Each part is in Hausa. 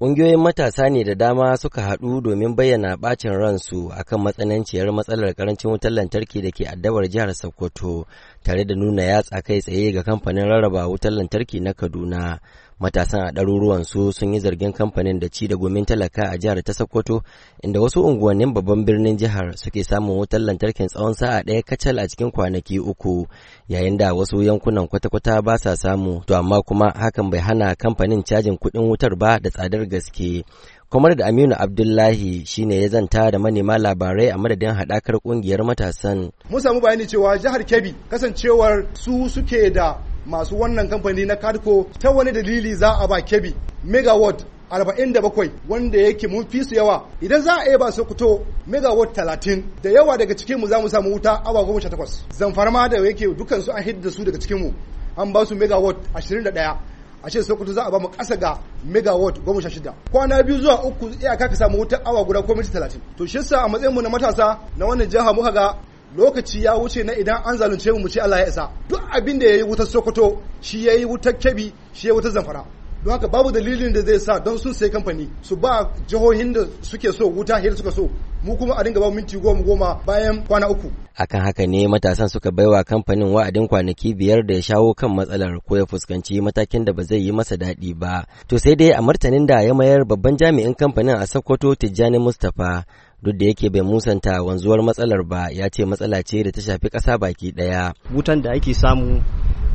Ƙungiyoyin matasa ne da dama suka haɗu domin bayyana ɓacin ransu a kan matsananciyar matsalar ƙarancin wutar lantarki da ke addabar jihar Sokoto, tare da nuna yatsa kai tsaye ga kamfanin rarraba wutar lantarki na Kaduna. Matasan a ɗaruruwansu sun yi zargin kamfanin da ci da gomin talaka a jihar ta Sokoto, inda wasu unguwannin babban birnin jihar suke samun wutar lantarkin tsawon sa'a ɗaya kacal a cikin kwanaki uku, yayin da wasu yankunan kwata-kwata ba sa samu, to amma kuma hakan bai hana kamfanin cajin kuɗin wutar ba da tsadar gaske Kwamar da Aminu Abdullahi shine ya zanta da manema labarai a madadin haɗakar ƙungiyar matasan. Mu samu bayani cewa jihar Kebbi kasancewar su suke da masu wannan kamfani na Kadko ta wani dalili za a ba Kebbi megawatt arba'in da bakwai wanda yake mun fi su yawa idan za a iya ba su kuto megawatt talatin da yawa daga cikinmu za mu samu wuta awa goma sha takwas zamfarma da yake dukansu an hidda su daga cikinmu an ba su megawatt ashirin da ɗaya a ce sokoto za a ba mu kasa ga megawatt goma sha shida kwana biyu zuwa uku iya ka samu wutar awa guda ko minti talatin to shi sa a matsayin mu na matasa na wannan jiha muka ga lokaci ya wuce na idan an zalunce mu mu ce Allah ya isa duk abin da yayi wutar sokoto shi yayi wutar kebi shi yayi wutar zamfara don haka babu dalilin da zai sa don sun sai kamfani su ba jihohin da suke so wuta hira suka so mu kuma a dinga ba minti goma goma bayan kwana uku akan haka ne matasan suka baiwa kamfanin wa'adin kwanaki biyar da ya shawo kan matsalar ko ya fuskanci matakin da ba zai yi masa daɗi ba to sai dai a martanin da ya mayar babban jami'in kamfanin a sokoto tijjani mustapha duk da yake bai musanta wanzuwar matsalar ba ya ce matsala ce da ta shafi ƙasa baki ɗaya wutan da ake samu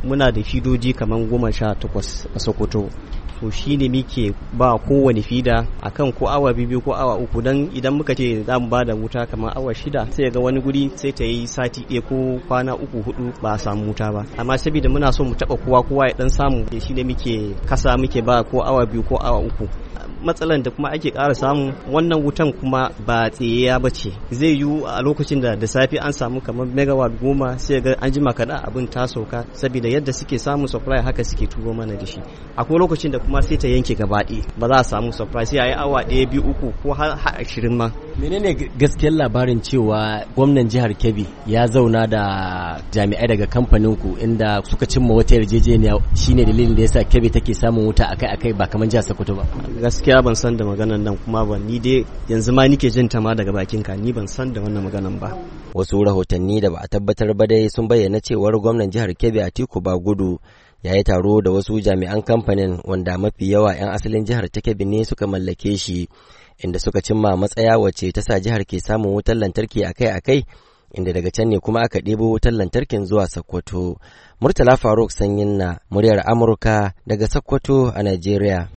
muna da fidoji kamar goma sha takwas a sokoto to shi ne muke ba kowane fida akan ko awa biyu ko awa uku don idan muka ce za mu da wuta kamar awa shida sai ga wani guri sai ta yi sati ɗaya ko kwana uku hudu ba a samu wuta ba amma saboda muna so mu taba kowa kowa ya dan samu shi ne muke kasa muke ba ko awa biyu ko awa uku matsalan da kuma ake ƙara samu wannan wutan kuma ba tsaye ba ce zai yiwu a lokacin da da safe an samu kamar megawatt goma sai ga an jima kaɗan abin ta sauka saboda yadda suke samun supply haka suke turo mana da shi akwai lokacin da kuma sai ta yanke gaba ba za a samu supply sai a yi awa ɗaya biyu uku ko har ashirin ma menene gaskiyar labarin cewa gwamnan jihar kebbi ya zauna da jami'ai daga kamfanin ku inda suka cimma wata yarjejeniya shine dalilin da yasa kebbi take samun wuta akai-akai ba kamar jihar sokoto ba gaskiya ban san da maganan nan kuma ba ni dai yanzu ma nike jin ta ma daga bakin ka ni ban san da wannan maganan ba wasu rahotanni da ba a tabbatar ba dai sun bayyana cewar gwamnan jihar a atiku ba gudu ya yi taro da wasu jami'an kamfanin wanda mafi yawa 'yan asalin jihar ta kebbi ne suka mallake shi inda suka cimma matsaya wacce ta sa jihar ke samun wutar lantarki akai-akai inda daga can ne kuma aka ɗebo wutar lantarkin zuwa Sokoto. Murtala Faruk Sanyin na muryar Amurka daga Sokoto a Najeriya.